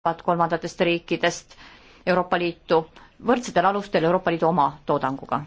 tulevad kolmandatest riikidest Euroopa Liitu võrdsetel alustel Euroopa Liidu oma toodanguga.